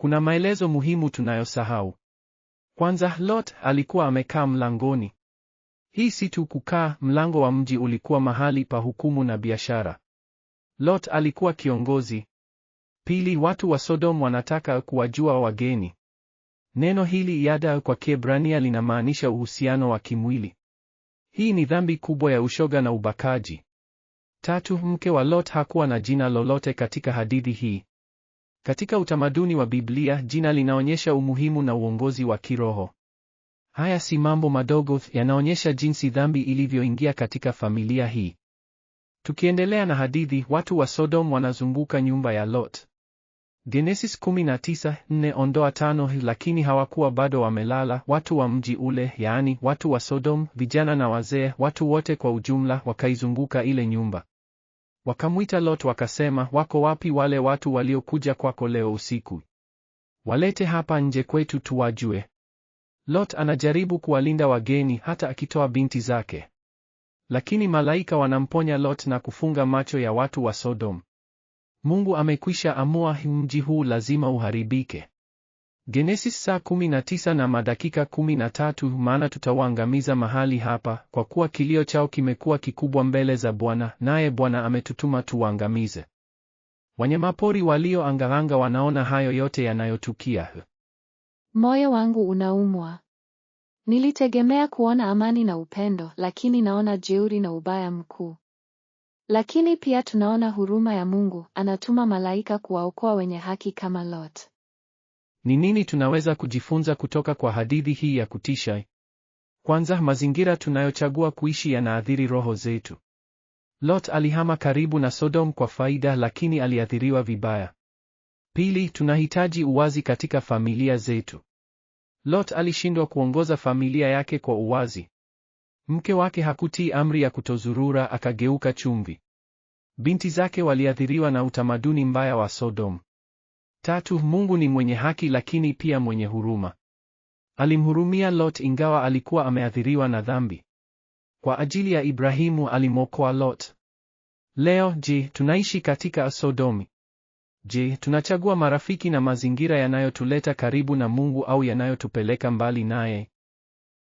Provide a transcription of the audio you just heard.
Kuna maelezo muhimu tunayosahau. Kwanza, Lot alikuwa amekaa mlangoni. Hii si tu kukaa, mlango wa mji ulikuwa mahali pa hukumu na biashara. Lot alikuwa kiongozi. Pili, watu wa Sodom wanataka kuwajua wageni. Neno hili yada kwa Kiebrania linamaanisha uhusiano wa kimwili. Hii ni dhambi kubwa ya ushoga na ubakaji. Tatu, mke wa Lot hakuwa na jina lolote katika hadithi hii. Katika utamaduni wa Biblia, jina linaonyesha umuhimu na uongozi wa kiroho. Haya si mambo madogo, yanaonyesha jinsi dhambi ilivyoingia katika familia hii. Tukiendelea na hadithi, watu wa Sodom wanazunguka nyumba ya Lot. Genesis 19:4 ondoa tano. Lakini hawakuwa bado wamelala. Watu wa mji ule, yaani watu wa Sodom, vijana na wazee, watu wote kwa ujumla, wakaizunguka ile nyumba. Wakamwita Lot wakasema, wako wapi wale watu waliokuja kwako leo usiku? Walete hapa nje kwetu tuwajue. Lot anajaribu kuwalinda wageni hata akitoa binti zake. Lakini malaika wanamponya Lot na kufunga macho ya watu wa Sodom. Mungu amekwisha amua mji huu lazima uharibike. Genesis saa 19 na madakika 13, maana tutawaangamiza mahali hapa, kwa kuwa kilio chao kimekuwa kikubwa mbele za Bwana, naye Bwana ametutuma tuwaangamize. Wanyamapori walio angaanga wanaona hayo yote yanayotukia. Moyo wangu unaumwa. Nilitegemea kuona amani na upendo, lakini naona jeuri na ubaya mkuu. Lakini pia tunaona huruma ya Mungu, anatuma malaika kuwaokoa wenye haki kama Lot. Ni nini tunaweza kujifunza kutoka kwa hadithi hii ya kutisha? Kwanza, mazingira tunayochagua kuishi yanaathiri roho zetu. Lot alihama karibu na Sodom kwa faida, lakini aliathiriwa vibaya. Pili, tunahitaji uwazi katika familia zetu. Lot alishindwa kuongoza familia yake kwa uwazi. Mke wake hakutii amri ya kutozurura, akageuka chumvi. Binti zake waliathiriwa na utamaduni mbaya wa Sodom. Tatu, Mungu ni mwenye haki lakini pia mwenye huruma. Alimhurumia Lot ingawa alikuwa ameathiriwa na dhambi. Kwa ajili ya Ibrahimu alimwokoa Lot. Leo je, tunaishi katika Sodomi? Je, tunachagua marafiki na mazingira yanayotuleta karibu na Mungu au yanayotupeleka mbali naye?